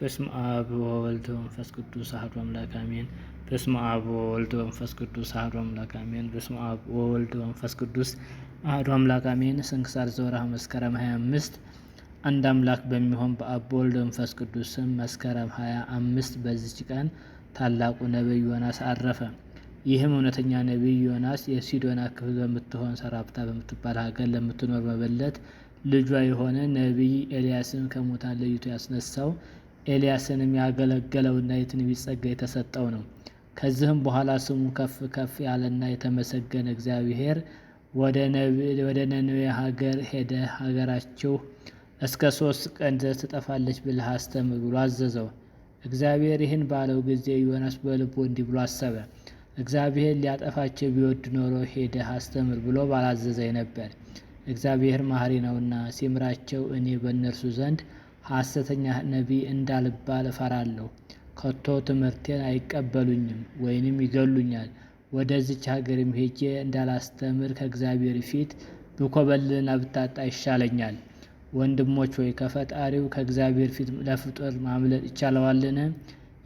በስመ አብ ወወልድ ወመንፈስ ቅዱስ አሐዱ አምላክ አሜን። በስመ አብ ወወልድ ወመንፈስ ቅዱስ አሐዱ አምላክ አሜን። በስመ አብ ወወልድ ወመንፈስ ቅዱስ አሐዱ አምላክ አሜን። ስንክሳር ዘወርኀ መስከረም 25 አንድ አምላክ በሚሆን በአብ በወልድ መንፈስ ቅዱስ ስም መስከረም 25 በዚች ቀን ታላቁ ነቢይ ዮናስ አረፈ። ይህም እውነተኛ ነቢይ ዮናስ የሲዶና ክፍል በምትሆን ሰራፕታ በምትባል ሀገር ለምትኖር መበለት ልጇ የሆነ ነቢይ ኤልያስን ከሙታን ለይቶ ያስነሳው ኤልያስንም ያገለገለውና የትንቢት ጸጋ የተሰጠው ነው። ከዚህም በኋላ ስሙ ከፍ ከፍ ያለና የተመሰገነ እግዚአብሔር ወደ ነነዌ ሀገር ሄደ፣ ሀገራቸው እስከ ሶስት ቀን ድረስ ትጠፋለች ብለህ አስተምር ብሎ አዘዘው። እግዚአብሔር ይህን ባለው ጊዜ ዮናስ በልቡ እንዲህ ብሎ አሰበ፣ እግዚአብሔር ሊያጠፋቸው ቢወድ ኖሮ ሄደህ አስተምር ብሎ ባላዘዘኝ ነበር። እግዚአብሔር ማህሪ ነውና ሲምራቸው እኔ በእነርሱ ዘንድ ሐሰተኛ ነቢይ እንዳልባል እፈራለሁ። ከቶ ትምህርቴን አይቀበሉኝም ወይንም ይገሉኛል። ወደዚች ሀገርም ሄጄ እንዳላስተምር ከእግዚአብሔር ፊት ብኮበልልና ብታጣ ይሻለኛል። ወንድሞች ሆይ ከፈጣሪው ከእግዚአብሔር ፊት ለፍጡር ማምለጥ ይቻለዋልን?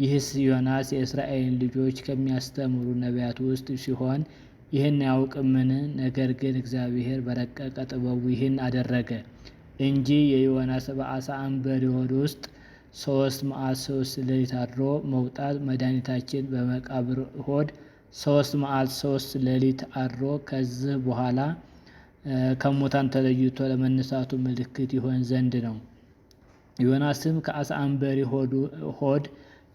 ይህስ ዮናስ የእስራኤልን ልጆች ከሚያስተምሩ ነቢያት ውስጥ ሲሆን ይህን ያውቅምን? ነገር ግን እግዚአብሔር በረቀቀ ጥበቡ ይህን አደረገ። እንጂ የዮናስ በአሳ አንበሪ ሆድ ውስጥ ሶስት መዓት ሶስት ሌሊት አድሮ መውጣት መድኃኒታችን በመቃብር ሆድ ሶስት መዓት ሶስት ሌሊት አድሮ ከዚህ በኋላ ከሙታን ተለይቶ ለመነሳቱ ምልክት ይሆን ዘንድ ነው። ዮናስም ከአሳ አንበሪ ሆድ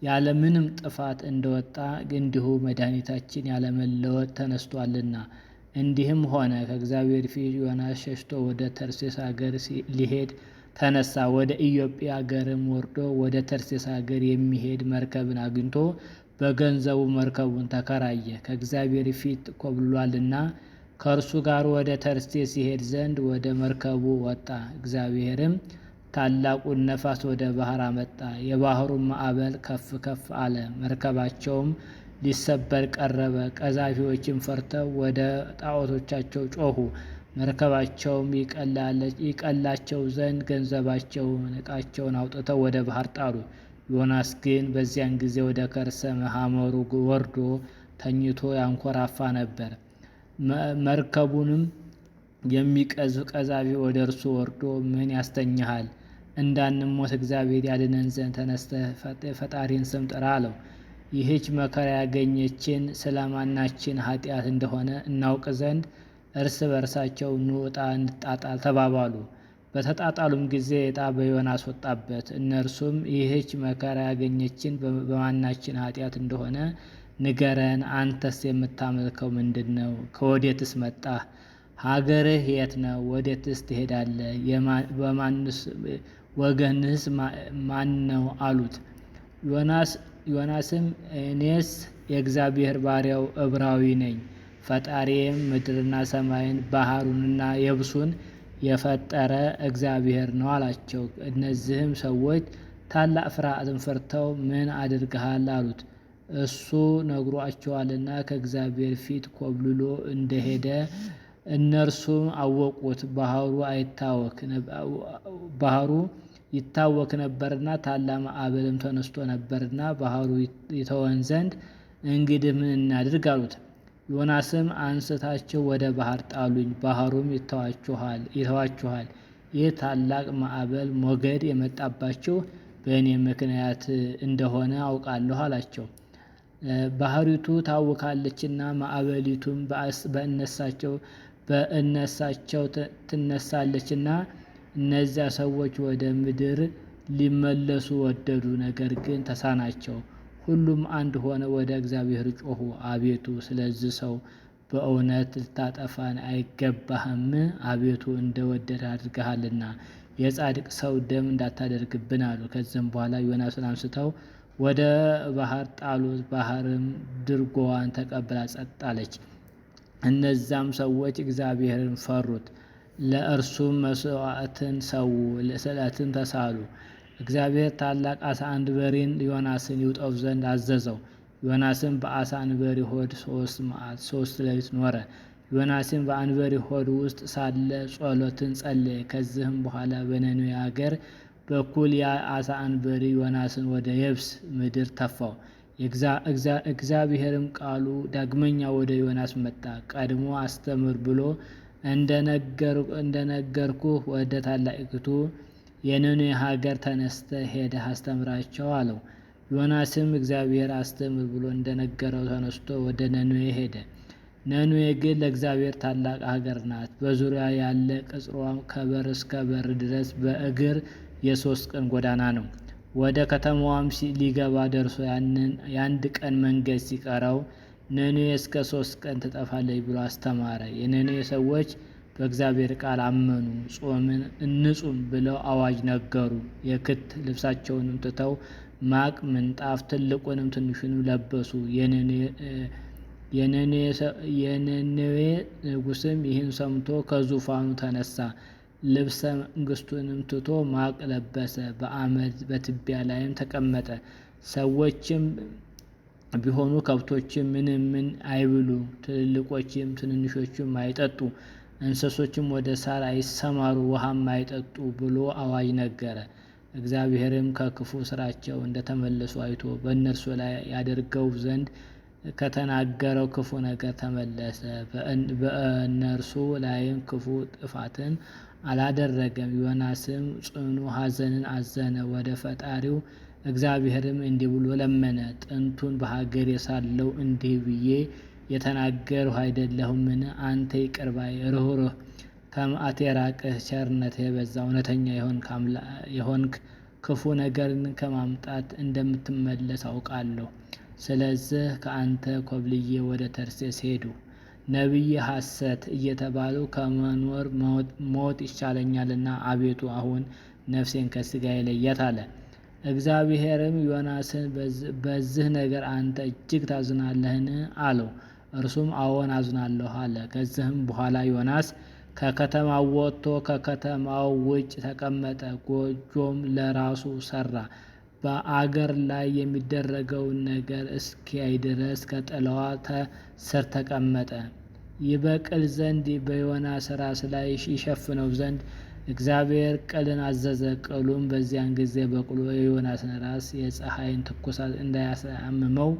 ያለምንም ጥፋት እንደወጣ እንዲሁ መድኃኒታችን ያለመለወጥ ተነስቷልና እንዲህም ሆነ ከእግዚአብሔር ፊት ዮናስ ሸሽቶ ወደ ተርሴስ አገር ሊሄድ ተነሳ። ወደ ኢዮጵያ አገርም ወርዶ ወደ ተርሴስ አገር የሚሄድ መርከብን አግኝቶ በገንዘቡ መርከቡን ተከራየ፣ ከእግዚአብሔር ፊት ኮብሏልና ከእርሱ ጋር ወደ ተርሴስ ይሄድ ዘንድ ወደ መርከቡ ወጣ። እግዚአብሔርም ታላቁን ነፋስ ወደ ባህር አመጣ፣ የባህሩን ማዕበል ከፍ ከፍ አለ። መርከባቸውም ሊሰበር ቀረበ። ቀዛፊዎችም ፈርተው ወደ ጣዖቶቻቸው ጮኹ። መርከባቸውም ይቀላቸው ዘንድ ገንዘባቸውን፣ ዕቃቸውን አውጥተው ወደ ባህር ጣሉ። ዮናስ ግን በዚያን ጊዜ ወደ ከርሰ ሐመሩ ወርዶ ተኝቶ ያንኮራፋ ነበር። መርከቡንም የሚቀዝፍ ቀዛፊ ወደ እርሱ ወርዶ ምን ያስተኛሃል? እንዳንሞት እግዚአብሔር ያድነን ዘንድ ተነስተ ፈጣሪን ስም ጥራ አለው። ይህች መከራ ያገኘችን ስለማናችን ኃጢአት እንደሆነ እናውቅ ዘንድ እርስ በርሳቸው ንውጣ እንጣጣል ተባባሉ። በተጣጣሉም ጊዜ ዕጣ በዮናስ ወጣበት። እነርሱም ይህች መከራ ያገኘችን በማናችን ኃጢአት እንደሆነ ንገረን፣ አንተስ የምታመልከው ምንድን ነው? ከወዴትስ መጣህ? ሀገርህ የት ነው? ወዴትስ ትሄዳለህ? በማንስ ወገንህስ ማን ነው? አሉት። ዮናስ ዮናስም እኔስ የእግዚአብሔር ባሪያው እብራዊ ነኝ፣ ፈጣሪም ምድርና ሰማይን ባህሩንና የብሱን የፈጠረ እግዚአብሔር ነው አላቸው። እነዚህም ሰዎች ታላቅ ፍርሃትን ፈርተው ምን አድርገሃል አሉት። እሱ ነግሯቸዋልና ከእግዚአብሔር ፊት ኮብልሎ እንደሄደ እነርሱም አወቁት። ባህሩ አይታወክ ባህሩ ይታወክ ነበርና ታላ ማዕበልም ተነስቶ ነበርና ባህሩ ይተወን ዘንድ እንግዲህ ምን እናድርግ አሉት። ዮናስም አንስታቸው ወደ ባህር ጣሉኝ፣ ባህሩም ይተዋችኋል። ይህ ታላቅ ማዕበል ሞገድ የመጣባቸው በእኔ ምክንያት እንደሆነ አውቃለሁ አላቸው። ባህሪቱ ታውካለችና ማዕበሊቱም በእነሳቸው በእነሳቸው ትነሳለችና እነዚያ ሰዎች ወደ ምድር ሊመለሱ ወደዱ፣ ነገር ግን ተሳናቸው። ሁሉም አንድ ሆነ ወደ እግዚአብሔር ጮኹ፣ አቤቱ ስለዚህ ሰው በእውነት ልታጠፋን አይገባህም፣ አቤቱ እንደ ወደድ አድርገሃልና የጻድቅ ሰው ደም እንዳታደርግብን አሉ። ከዚህም በኋላ ዮናስን አንስተው ወደ ባህር ጣሉት። ባህርም ድርጎዋን ተቀብላ ጸጥ አለች። እነዛም ሰዎች እግዚአብሔርን ፈሩት። ለእርሱም መስዋዕትን ሰው ስዕለትን ተሳሉ። እግዚአብሔር ታላቅ አሳ አንበሪን ዮናስን ይውጠው ዘንድ አዘዘው። ዮናስን በአሳ አንበሪ ሆድ ሶስት መዓልት ሶስት ሌሊት ኖረ። ዮናስን በአንበሪ ሆድ ውስጥ ሳለ ጸሎትን ጸለየ። ከዚህም በኋላ በነኔ አገር በኩል የአሳ አንበሪ ዮናስን ወደ የብስ ምድር ተፋው። እግዚአብሔርም ቃሉ ዳግመኛ ወደ ዮናስ መጣ፣ ቀድሞ አስተምር ብሎ እንደነገርኩህ ወደ ታላቂቱ የነነዌ ሀገር ተነስተ ሄደህ አስተምራቸው አለው። ዮናስም እግዚአብሔር አስተምር ብሎ እንደነገረው ተነስቶ ወደ ነነዌ ሄደ። ነነዌ ግን ለእግዚአብሔር ታላቅ ሀገር ናት። በዙሪያ ያለ ቅጽሯም ከበር እስከ በር ድረስ በእግር የሶስት ቀን ጎዳና ነው። ወደ ከተማዋም ሊገባ ደርሶ ያንን የአንድ ቀን መንገድ ሲቀረው ነኔ እስከ ሶስት ቀን ትጠፋለች ብሎ አስተማረ። የነኔ ሰዎች በእግዚአብሔር ቃል አመኑ። ጾምን እንጹም ብለው አዋጅ ነገሩ። የክት ልብሳቸውንም ትተው ማቅ፣ ምንጣፍ ትልቁንም ትንሹንም ለበሱ። የነኔዌ ንጉስም ይህን ሰምቶ ከዙፋኑ ተነሳ። ልብሰ መንግስቱንም ትቶ ማቅ ለበሰ። በአመድ በትቢያ ላይም ተቀመጠ። ሰዎችም ቢሆኑ ከብቶችም ምንም ምን አይብሉ፣ ትልልቆችም ትንንሾችም አይጠጡ፣ እንስሶችም ወደ ሳር አይሰማሩ፣ ውሃም አይጠጡ ብሎ አዋጅ ነገረ። እግዚአብሔርም ከክፉ ስራቸው እንደተመለሱ አይቶ በእነርሱ ላይ ያደርገው ዘንድ ከተናገረው ክፉ ነገር ተመለሰ። በእነርሱ ላይም ክፉ ጥፋትን አላደረገም። ዮናስም ጽኑ ሐዘንን አዘነ፣ ወደ ፈጣሪው እግዚአብሔርም እንዲህ ብሎ ለመነ። ጥንቱን በሀገሬ የሳለው እንዲህ ብዬ የተናገርሁ አይደለሁምን? አንተ ይቅር ባይ ርኅሩህ፣ ከመዓት የራቅህ፣ ቸርነት የበዛ እውነተኛ የሆንክ ክፉ ነገርን ከማምጣት እንደምትመለስ አውቃለሁ። ስለዚህ ከአንተ ኮብልዬ ወደ ተርሴስ ሄዱ። ነቢይ ሐሰት እየተባሉ ከመኖር ሞት ይሻለኛልና አቤቱ አሁን ነፍሴን ከስጋ ለያት አለ። እግዚአብሔርም ዮናስን በዚህ ነገር አንተ እጅግ ታዝናለህን? አለው። እርሱም አዎን አዝናለሁ አለ። ከዚህም በኋላ ዮናስ ከከተማው ወጥቶ ከከተማው ውጭ ተቀመጠ። ጎጆም ለራሱ ሰራ። በአገር ላይ የሚደረገውን ነገር እስኪያይ ድረስ ከጥላዋ ስር ተቀመጠ። ይበቅል ዘንድ በዮናስ ራስ ላይ ይሸፍነው ዘንድ እግዚአብሔር ቅልን አዘዘ። ቅሉም በዚያን ጊዜ በቅሎ የዮናስን ራስ የፀሐይን ትኩሳት እንዳያሳምመው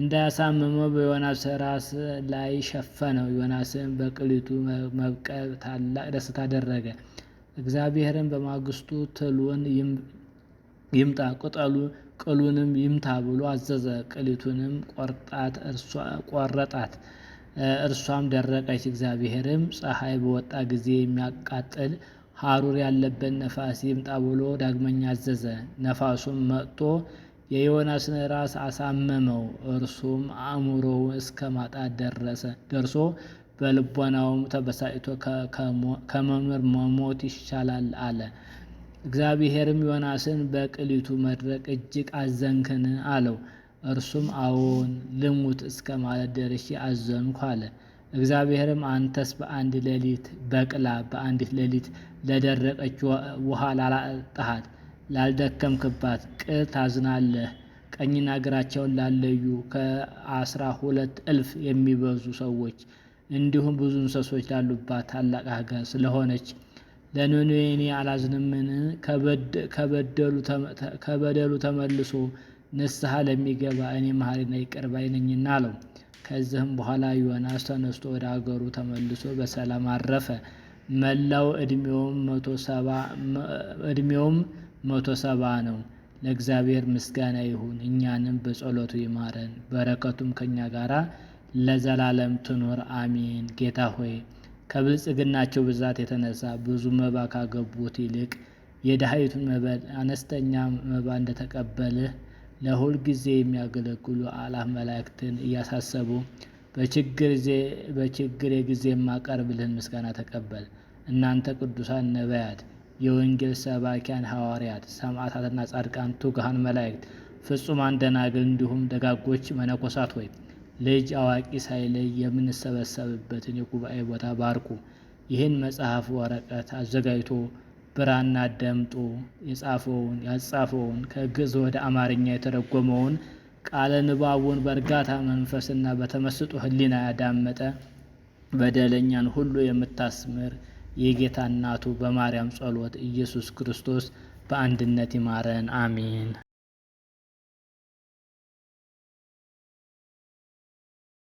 እንዳያሳምመው በዮናስ ራስ ላይ ሸፈነው። ዮናስን በቅሊቱ መብቀል ታላቅ ደስታ አደረገ። እግዚአብሔርን በማግስቱ ትሉን ይምጣ ቅሉንም ይምታ ብሎ አዘዘ። ቅሊቱንም ቆርጣት ቆረጣት። እርሷም ደረቀች። እግዚአብሔርም ፀሐይ በወጣ ጊዜ የሚያቃጥል ሐሩር ያለበት ነፋስ ይምጣ ብሎ ዳግመኛ አዘዘ። ነፋሱም መጥቶ የዮናስን ራስ አሳመመው። እርሱም አእምሮው እስከ ማጣት ደረሰ ደርሶ በልቦናውም ተበሳጭቶ ከመኖር መሞት ይሻላል አለ። እግዚአብሔርም ዮናስን በቅሊቱ መድረቅ እጅግ አዘንክን አለው። እርሱም አዎን ልሙት እስከ ማለት ደርሼ አዘንኩ አለ። እግዚአብሔርም አንተስ በአንድ ሌሊት በቅላ በአንዲት ሌሊት ለደረቀች ውሃ ላላጠሃት ላልደከምክባት ቅል ታዝናለህ። ቀኝና እግራቸውን ላለዩ ከአስራ ሁለት እልፍ የሚበዙ ሰዎች እንዲሁም ብዙ እንሰሶች ላሉባት ታላቅ ሀገር ስለሆነች ለነነዌ አላዝንምን? ከበደሉ ተመልሶ ንስሐ ለሚገባ እኔ መሐሪና ይቅር ባይ ነኝና አለው። ከዚህም በኋላ ዮናስ ተነስቶ ወደ አገሩ ተመልሶ በሰላም አረፈ። መላው ዕድሜውም መቶ ሰባ ነው። ለእግዚአብሔር ምስጋና ይሁን፣ እኛንም በጸሎቱ ይማረን፣ በረከቱም ከእኛ ጋር ለዘላለም ትኑር አሚን። ጌታ ሆይ ከብልጽግናቸው ብዛት የተነሳ ብዙ መባ ካገቡት ይልቅ የድሃይቱን መበል አነስተኛ መባ እንደተቀበልህ ለሁል ጊዜ የሚያገለግሉ አላፍ መላእክትን እያሳሰቡ በችግር ጊዜ የማቀርብልህን ምስጋና ተቀበል። እናንተ ቅዱሳን ነቢያት፣ የወንጌል ሰባኪያን ሐዋርያት፣ ሰማዕታትና ጻድቃን፣ ትጉሃን መላእክት፣ ፍጹማን ደናግል፣ እንዲሁም ደጋጎች መነኮሳት ሆይ ልጅ አዋቂ ሳይለይ የምንሰበሰብበትን የጉባኤ ቦታ ባርኩ። ይህን መጽሐፍ ወረቀት አዘጋጅቶ ብራና ደምጦ የጻፈውን ያጻፈውን ከግዕዝ ወደ አማርኛ የተረጎመውን ቃለ ንባቡን በእርጋታ መንፈስና በተመስጦ ሕሊና ያዳመጠ በደለኛን ሁሉ የምታስምር የጌታ እናቱ በማርያም ጸሎት ኢየሱስ ክርስቶስ በአንድነት ይማረን፣ አሚን።